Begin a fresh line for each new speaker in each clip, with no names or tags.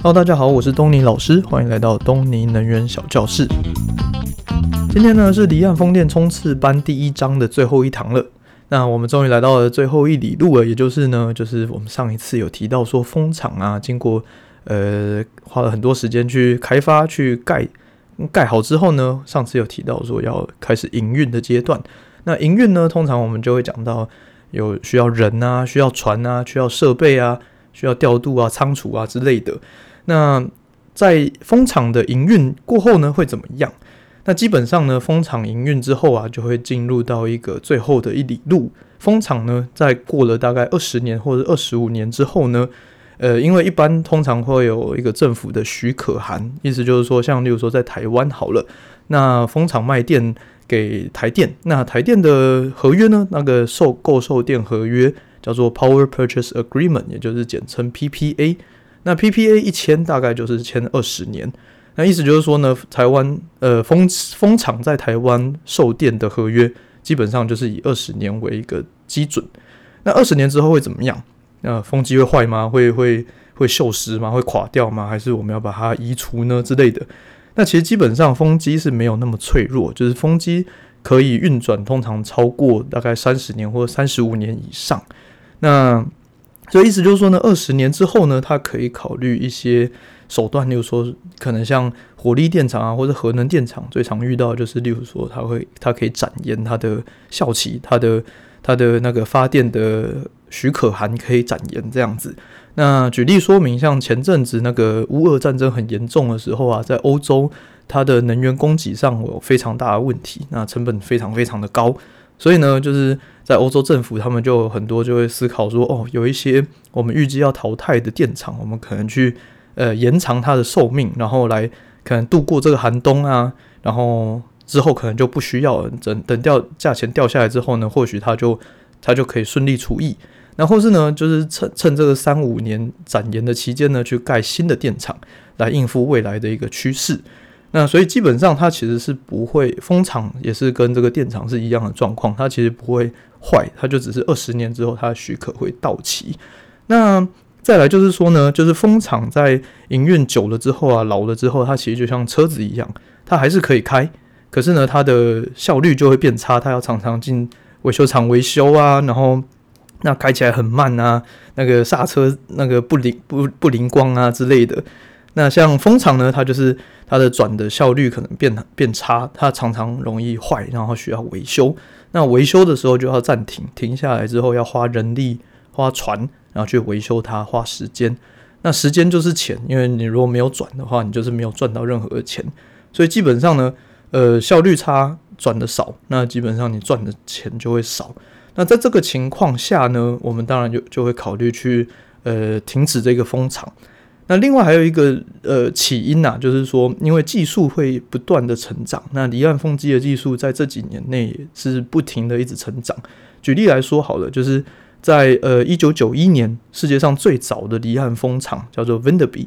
Hello，大家好，我是東尼老師，歡迎來到東尼能源小教室。今天呢是離岸風電衝刺班第一章的最後一堂了。那我們終於來到了最後一哩路了，也就是呢，就是我們上一次有提到說，風場啊，經過呃花了很多時間去開發、去蓋蓋好之後呢，上次有提到說要開始營運的階段。那營運呢，通常我們就會講到有需要人啊，需要船啊，需要設備啊，需要調度啊、倉儲啊之類的。那在風場的營運過後呢，會怎麼樣？那基本上呢，風場營運之後啊，就會進入到一個最後的一哩路。風場呢，在過了大概二十年或者二十五年之後呢，呃，因為一般通常會有一個政府的許可函，意思就是說，像例如說在台灣好了，那風場賣電給台電，那台電的合約呢，那個售購售電合約叫做 Power Purchase Agreement，也就是簡稱 PPA。那 PPA 一簽大概就是簽二十年，那意思就是說呢，台灣呃風風廠在台灣售電的合約基本上就是以二十年為一個基準。那二十年之後會怎麼樣？呃，風機會壞嗎？會會會銹蝕嗎？會垮掉嗎？還是我們要把它移除呢之類的？那其實基本上風機是沒有那麼脆弱，就是風機可以運轉，通常超過大概三十年或三十五年以上。那所以意思就是說呢，二十年之後呢，他可以考慮一些手段，例如說，可能像火力電廠啊，或者核能電廠，最常遇到的就是，例如說，它會它可以展延它的效期，它的它的那個發電的許可函可以展延這樣子。那舉例說明，像前陣子那個烏俄戰爭很嚴重的時候啊，在歐洲它的能源供給上有非常大的問題，那成本非常非常的高。所以呢，就是在歐洲政府，他們就很多就會思考說，哦，有一些我們預計要淘汰的電廠，我們可能去呃延長它的壽命，然後來可能度過這個寒冬啊，然後之後可能就不需要了，等等掉價錢掉下來之後呢，或許它就它就可以順利除役，然後或是呢，就是趁趁這個三五年展延的期間呢，去蓋新的電廠來應付未來的一個趨勢。那所以基本上它其實是不會，風場也是跟這個電廠是一樣的狀況，它其實不會壞，它就只是二十年之後它許可會到期。那再來就是說呢，就是風場在營運久了之後啊，老了之後，它其實就像車子一樣，它還是可以開，可是呢，它的效率就會變差，它要常常進維修廠維修啊，然後那開起來很慢啊，那個剎車那個不靈不不靈光啊之類的。那像風場呢，它就是它的轉的效率可能變變差，它常常容易壞，然後需要維修。那維修的時候就要暫停，停下來之後要花人力、花船，然後去維修它，花時間。那時間就是錢，因為你如果沒有轉的話，你就是沒有賺到任何的錢。所以基本上呢，呃，效率差，轉的少，那基本上你賺的錢就會少。那在這個情況下呢，我們當然就就會考慮去呃停止這個風場。那另外還有一個呃起因吶、啊，就是說，因為技術會不斷的成長。那離岸風機的技術在這幾年內是不停的一直成長。舉例來說好了，就是在呃一九九一年，世界上最早的離岸風場叫做 Vindeby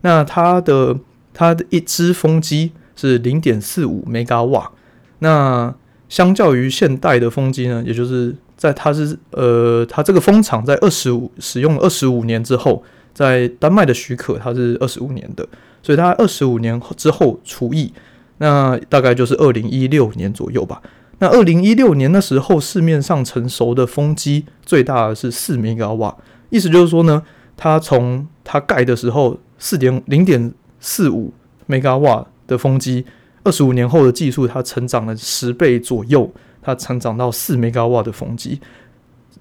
那它的它的一支風機是零點四五兆瓦。那相較於現代的風機呢，也就是在它是呃它這個風場在二十五使用二十五年之後。在丹麥的許可，它是二十五年的，所以它二十五年之後除役，那大概就是二零一六年左右吧。那二零一六年那時候市面上成熟的風機最大的是四 megawatt 意思就是說呢，它從它蓋的時候四點零點四五 megawatt 的風機，二十五年後的技術它成長了十倍左右，它成長到四 megawatt 的風機，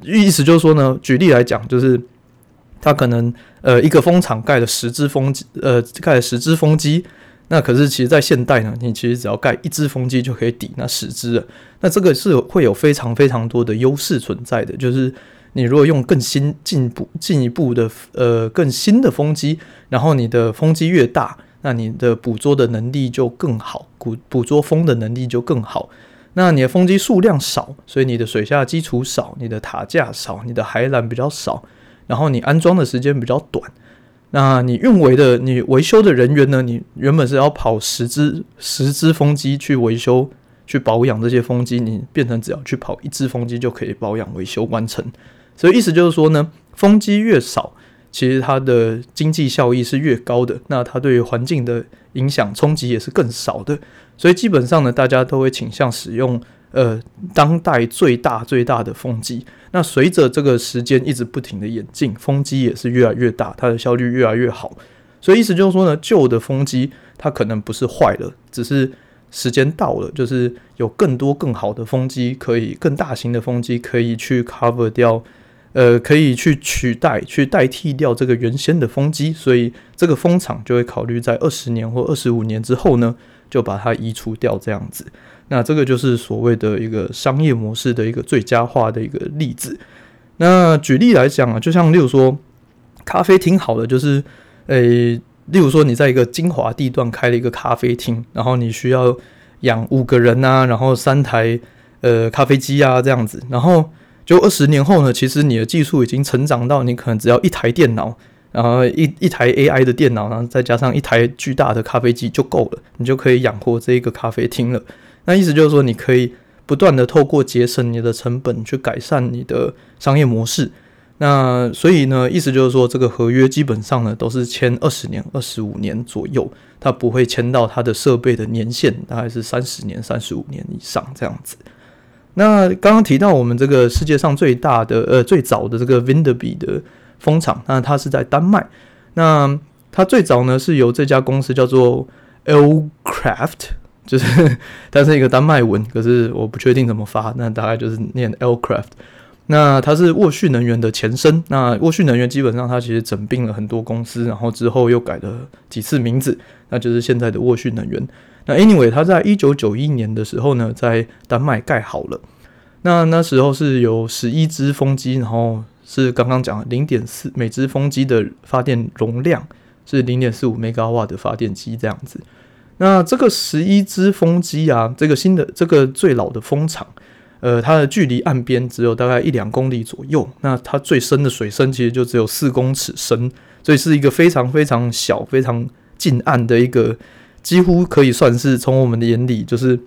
意思就是說呢，舉例來講就是。它可能呃一個風場蓋了十只風，呃蓋了十只風機。那可是其實，在現代呢，你其實只要蓋一只風機就可以抵那十只了。那這個是會有非常非常多的優勢存在的，就是你如果用更新進步進一步的呃更新的風機，然後你的風機越大，那你的捕捉的能力就更好，捕捕捉風的能力就更好。那你的風機數量少，所以你的水下基礎少，你的塔架少，你的海纜比較少。然後你安裝的時間比較短，那你運維的、你維修的人員呢？你原本是要跑十隻、十隻風機去維修、去保養這些風機，你變成只要去跑一隻風機就可以保養維修完成。所以意思就是說呢，風機越少，其實它的經濟效益是越高的，那它對於環境的影響衝擊也是更少的。所以基本上呢，大家都會傾向使用。呃，當代最大最大的風機，那隨着這個時間一直不停的演進，風機也是越來越大，它的效率越來越好。所以意思就是說呢，舊的風機它可能不是壞了，只是時間到了，就是有更多更好的風機，可以更大型的風機可以去 cover 掉，呃，可以去取代、去代替掉這個原先的風機。所以這個風場就會考慮在二十年或二十五年之後呢，就把它移除掉，這樣子。那這個就是所謂的一個商業模式的一個最佳化的一個例子。那舉例來講啊，就像例如說咖啡廳，好的就是，呃、欸，例如說你在一個精華地段開了一個咖啡廳，然後你需要養五個人啊，然後三台呃咖啡機啊這樣子，然後就二十年後呢，其實你的技術已經成長到你可能只要一台電腦，然後一一台 AI 的電腦，然後再加上一台巨大的咖啡機就夠了，你就可以養活這一個咖啡廳了。那意思就是說，你可以不斷地透過節省你的成本去改善你的商業模式。那所以呢，意思就是說，這個合約基本上呢都是簽二十年、二十五年左右，它不會簽到它的設備的年限，大概是三十年、三十五年以上這樣子。那剛剛提到我們這個世界上最大的呃最早的這個 Vindeby 的風場，那它是在丹麥。那它最早呢是由這家公司叫做 L Craft。就是，它是一個丹麥文，可是我不確定怎麼發，那大概就是念 Elkraft。那它是沃旭能源的前身，那沃旭能源基本上它其實整併了很多公司，然後之後又改了幾次名字，那就是現在的沃旭能源。那 anyway，它在一九九一年的時候呢，在丹麥蓋好了。那那時候是有十一支風機，然後是剛剛講的零點四，每支風機的發電容量是零點四五兆瓦的發電機這樣子。那這個十一支風機啊，這個新的這個最老的風場，呃，它的距離岸邊只有大概一兩公里左右，那它最深的水深其實就只有四公尺深，所以是一個非常非常小、非常近岸的一個，幾乎可以算是從我們的眼裡就是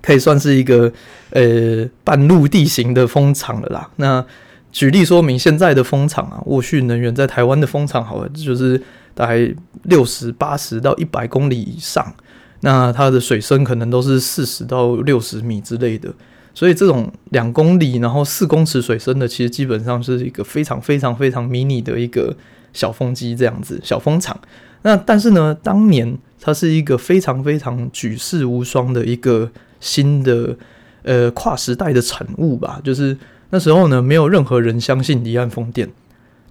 可以算是一個呃半陸地形的風場了啦。那舉例說明現在的風場啊，沃旭能源在台灣的風場，好了，就是。大概六十八十到一百公里以上，那它的水深可能都是四十到六十米之類的。所以這種兩公里，然後四公尺水深的，其實基本上是一個非常非常非常迷你的一個小風機這樣子，小風場。那但是呢，當年它是一個非常非常舉世無雙的一個新的呃跨時代的產物吧。就是那時候呢，沒有任何人相信離岸風電，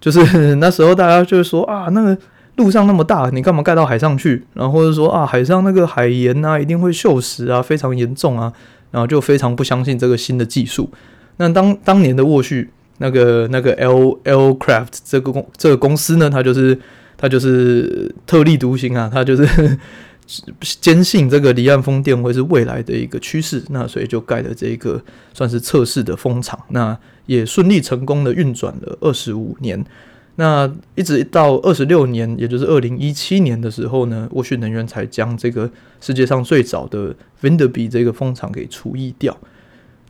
就是那時候大家就是說啊，那個。路上那麼大，你幹嘛蓋到海上去？然後或者說啊，海上那個海鹽啊，一定會鏽蝕啊，非常嚴重啊，然後就非常不相信這個新的技術。那當當年的沃旭那個那個 L L Craft 這個公這個公司呢，它就是它就是特立獨行啊，它就是堅 信這個離岸風電會是未來的一個趨勢，那所以就蓋了這一個算是測試的風場，那也順利成功的運轉了二十五年。那一直到二十六年，也就是二零一七年的時候呢，沃旭能源才將這個世界上最早的 Vindeby 這個風場給除役掉。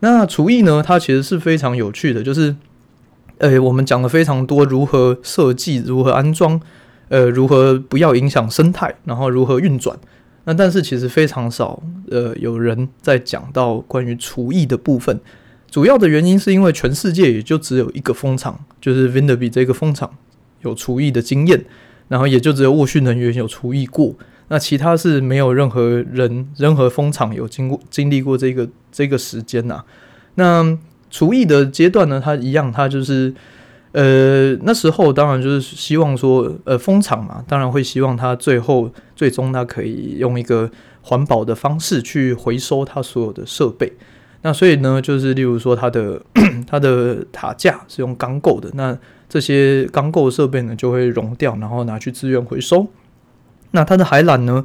那除役呢，它其實是非常有趣的，就是，呃、欸，我們講了非常多如何設計、如何安裝、呃，如何不要影響生態，然後如何運轉。那但是其實非常少，呃，有人在講到關於除役的部分。主要的原因是因為全世界也就只有一個風場，就是 Vindeby 這個風場。有除役的經驗，然後也就只有沃旭能源有除役過，那其他是沒有任何人、任何風場有經過、經歷過這個這個時間吶、啊。那除役的階段呢，它一樣，它就是呃，那時候當然就是希望說，呃，風場嘛，當然會希望它最後最終它可以用一個環保的方式去回收它所有的設備。那所以呢，就是例如說它的 它的塔架是用鋼構的，那這些鋼構設備呢，就會熔掉，然後拿去資源回收。那它的海纜呢，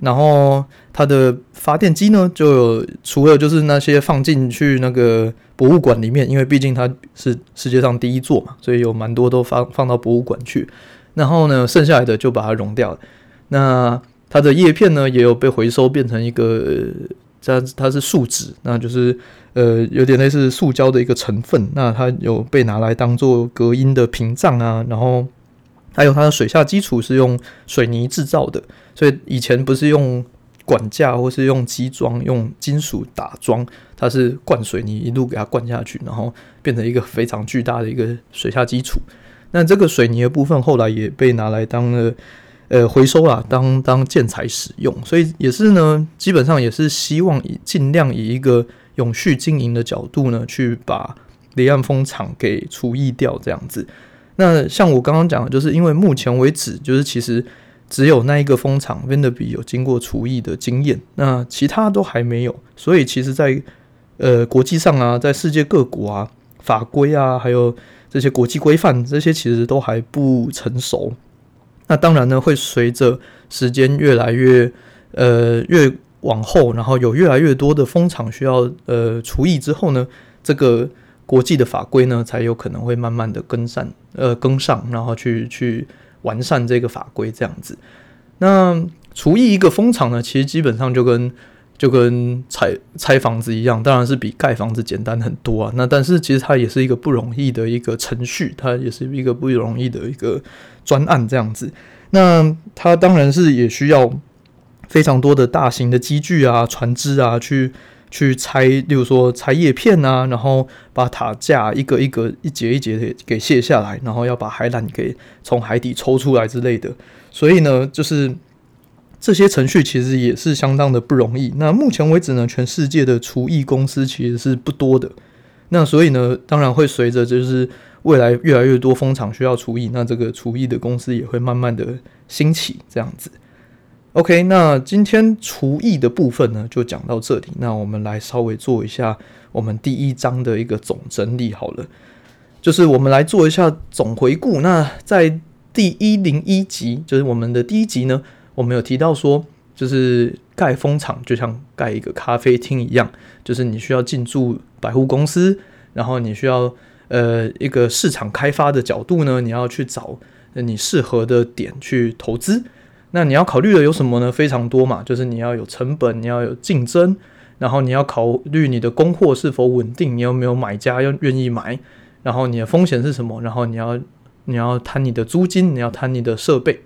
然後它的發電機呢，就有除了就是那些放進去那個博物館裡面，因為畢竟它是世界上第一座嘛，所以有蠻多都放放到博物館去。然後呢，剩下來的就把它熔掉。那它的葉片呢，也有被回收變成一個。這樣子，它是樹脂，那就是呃有點類似塑膠的一個成分。那它有被拿來當做隔音的屏障啊，然後還有它的水下基礎是用水泥製造的。所以以前不是用管架或是用基樁，用金屬打樁，它是灌水泥一路給它灌下去，然後變成一個非常巨大的一個水下基礎。那這個水泥的部分後來也被拿來當了。呃，回收啊，當當建材使用，所以也是呢，基本上也是希望以盡量以一個永續經營的角度呢，去把離岸風場給除役掉這樣子。那像我剛剛講的，就是因為目前為止，就是其實只有那一個風場 Vindeby 有經過除役的經驗，那其他都還沒有。所以其實在，在呃國際上啊，在世界各國啊，法規啊，還有這些國際規範，這些其實都還不成熟。那當然呢，會隨着時間越來越，呃，越往後，然後有越來越多的蜂場需要呃除疫之後呢，這個國際的法規呢，才有可能會慢慢的跟上，呃，跟上，然後去去完善這個法規這樣子。那除疫一個蜂場呢，其實基本上就跟。就跟拆拆房子一樣，當然是比蓋房子簡單很多啊。那但是其實它也是一個不容易的一個程序，它也是一個不容易的一個專案這樣子。那它當然是也需要非常多的大型的機具啊、船隻啊，去去拆，例如說拆葉片啊，然後把塔架一個一個、一節一節的給卸下來，然後要把海纜給從海底抽出來之類的。所以呢，就是。這些程序其實也是相當的不容易。那目前為止呢，全世界的除役公司其實是不多的。那所以呢，當然會隨着就是未來越來越多風場需要除役，那這個除役的公司也會慢慢的興起。這樣子。OK，那今天除役的部分呢，就講到這裡。那我們來稍微做一下我們第一章的一個總整理好了，就是我們來做一下總回顧。那在第一零一集，就是我們的第一集呢，我們有提到說，就是蓋風場就像蓋一個咖啡廳一樣，就是你需要進駐百貨公司，然後你需要呃一個市場開發的角度呢，你要去找你適合的點去投資。那你要考慮的有什麼呢？非常多嘛，就是你要有成本，你要有競爭，然後你要考慮你的供貨是否穩定，你有沒有買家願意買，然後你的風險是什麼？然後你要你要談你的租金，你要談你的設備。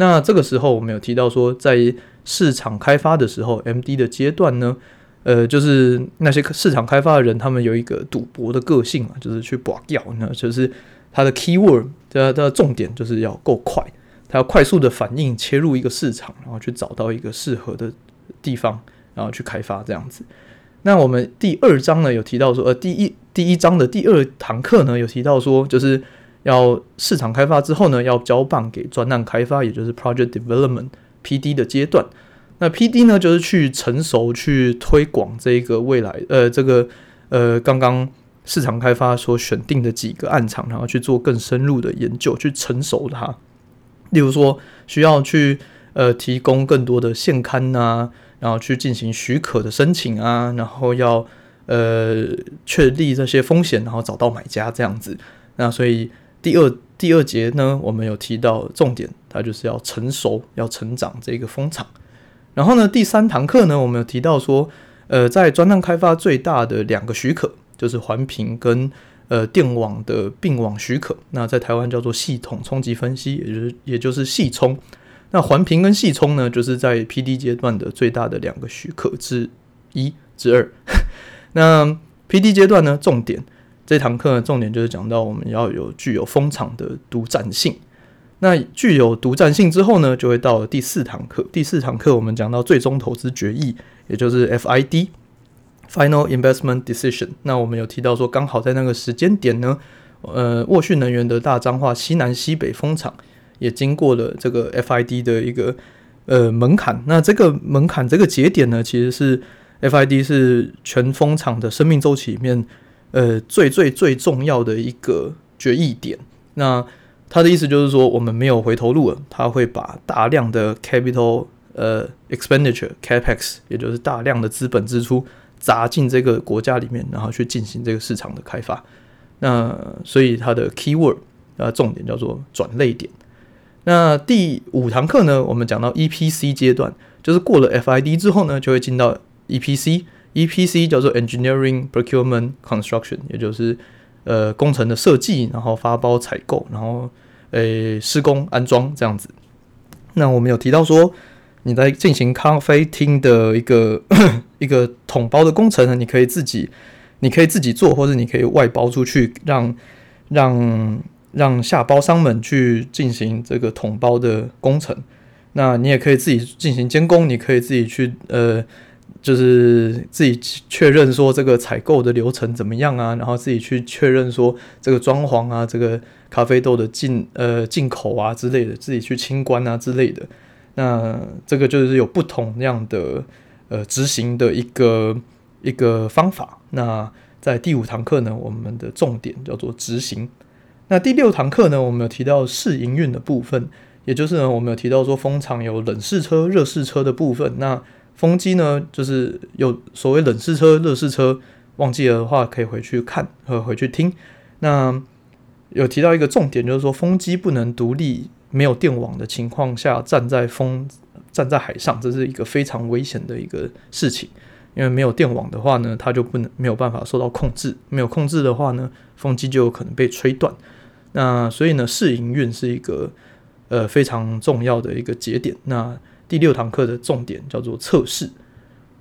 那這個時候，我們有提到說，在市場開發的時候，MD 的階段呢，呃，就是那些市場開發的人，他們有一個賭博的個性嘛、啊，就是去搏要，那就是它的 keyword，它的，它的重點就是要夠快，它要快速的反應切入一個市場，然後去找到一個適合的地方，然後去開發這樣子。那我們第二章呢，有提到說，呃，第一第一章的第二堂課呢，有提到說，就是。要市場開發之後呢，要交棒給專案開發，也就是 Project Development (PD) 的階段。那 PD 呢，就是去成熟、去推廣這個未來，呃，這個呃，剛剛市場開發所選定的幾個案場，然後去做更深入的研究，去成熟它。例如說，需要去呃提供更多的現勘啊，然後去進行許可的申請啊，然後要呃確立這些風險，然後找到買家這樣子。那所以。第二第二節呢，我們有提到重點，它就是要成熟、要成長這個風場。然後呢，第三堂課呢，我們有提到說，呃，在專案開發最大的兩個許可就是環評跟呃電網的並網許可。那在台灣叫做系統衝擊分析，也就是也就是系衝。那環評跟系衝呢，就是在 PD 階段的最大的兩個許可之一、之二。 那 PD 階段呢，重點。這堂課呢，重點就是講到我們要有具有風場的獨佔性。那具有獨佔性之後呢，就會到了第四堂課。第四堂課我們講到最終投資決議，也就是 FID（Final Investment Decision）。那我們有提到說，剛好在那個時間點呢，呃，沃旭能源的大彰化西南西北風場也經過了這個 FID 的一個呃門檻。那這個門檻這個節點呢，其實是 FID 是全風場的生命周期裡面。呃，最最最重要的一個決議點，那他的意思就是說，我們沒有回頭路了。他會把大量的 capital 呃 expenditure capex，也就是大量的資本支出砸進這個國家裡面，然後去進行這個市場的開發。那所以它的 key word 重點叫做轉類點轉捩點。那第五堂課呢，我們講到 EPC 階段，就是過了 FID 之後呢，就會進到 EPC。EPC 叫做 Engineering, Procurement, Construction，也就是呃工程的設計，然後發包、採購，然後誒施工、安裝這樣子。那我們有提到說，你在進行咖啡廳的一個一個統包的工程，你可以自己，你可以自己做，或者你可以外包出去，讓讓讓下包商們去進行這個統包的工程。那你也可以自己進行監工，你可以自己去呃。就是自己確認說這個採購的流程怎麼樣啊，然後自己去確認說這個裝潢啊，這個咖啡豆的進呃進口啊之類的，自己去清關啊之類的。那這個就是有不同樣的呃執行的一個一個方法。那在第五堂課呢，我們的重點叫做執行。那第六堂課呢，我們有提到試營運的部分，也就是呢我們有提到說風場有冷試車、熱試車的部分。那風機呢，就是有所謂冷試車、熱試車。忘記了的話，可以回去看和回去聽。那有提到一個重點，就是說風機不能獨立，沒有電網的情況下站在風站在海上，這是一個非常危險的一個事情。因為沒有電網的話呢，它就不能沒有辦法受到控制。沒有控制的話呢，風機就有可能被吹斷。那所以呢，試營運是一個呃非常重要的一個節點。那第六堂課的重點叫做測試。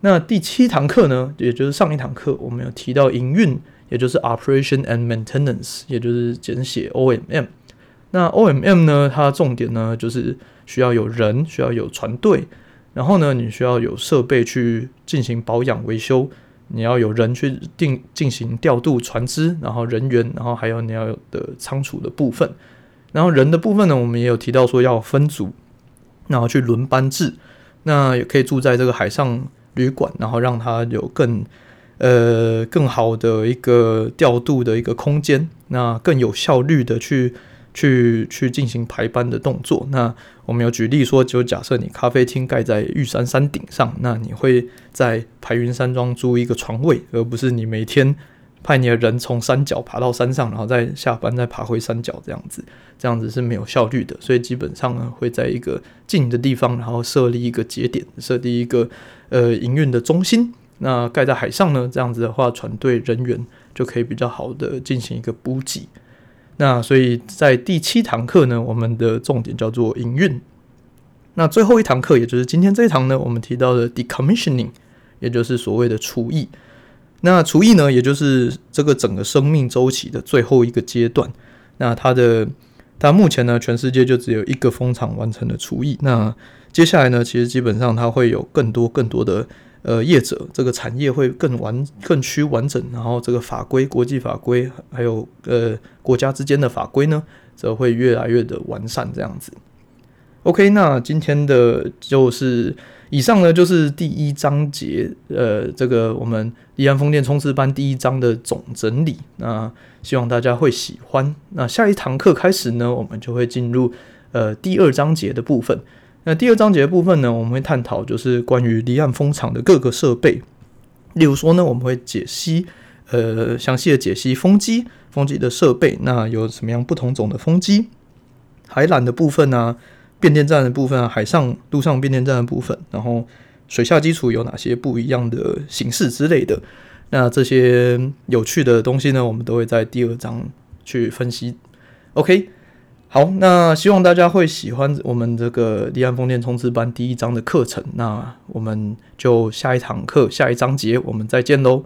那第七堂課呢，也就是上一堂課，我們有提到營運，也就是 operation and maintenance，也就是簡寫 OMM。那 OMM 呢，它重點呢就是需要有人，需要有船隊，然後呢，你需要有設備去進行保養維修，你要有人去定進行調度船隻，然後人員，然後還有你要有的倉儲的部分。然後人的部分呢，我們也有提到說要分組。然後去輪班制，那也可以住在這個海上旅館，然後讓它有更呃更好的一個調度的一個空間，那更有效率的去去去進行排班的動作。那我們有舉例說，就假設你咖啡廳蓋在玉山山頂上，那你會在排雲山莊租一個床位，而不是你每天。派你的人從山腳爬到山上，然後再下班再爬回山腳，這樣子，這樣子是沒有效率的。所以基本上呢，會在一個近的地方，然後設立一個節點，設立一個呃營運的中心。那蓋在海上呢，這樣子的話，船隊人員就可以比較好的進行一個補給。那所以在第七堂課呢，我們的重點叫做營運。那最後一堂課，也就是今天這一堂呢，我們提到的 decommissioning，也就是所謂的除役。那除役呢，也就是這個整個生命週期的最後一個階段。那它的，它目前呢，全世界就只有一個風場完成了除役。那接下來呢，其實基本上它會有更多更多的呃業者，這個產業會更完更趨完整，然後這個法規、國際法規還有呃國家之間的法規呢，則會越來越的完善這樣子。OK，那今天的就是以上呢，就是第一章節，呃，這個我們離岸風電衝刺班第一章的總整理。那希望大家會喜歡。那下一堂課開始呢，我們就會進入呃第二章節的部分。那第二章節的部分呢，我們會探討就是關於離岸風場的各個設備，例如說呢，我們會解析呃詳細的解析風機，風機的設備，那有什麼樣不同種的風機，海纜的部分呢，啊？變電站的部分啊，海上、陸上變電站的部分，然後水下基礎有哪些不一樣的形式之類的，那這些有趣的東西呢，我們都會在第二章去分析。OK，好，那希望大家會喜歡我們這個離岸風電衝刺班第一章的課程。那我們就下一堂課、下一章節，我們再見嘍。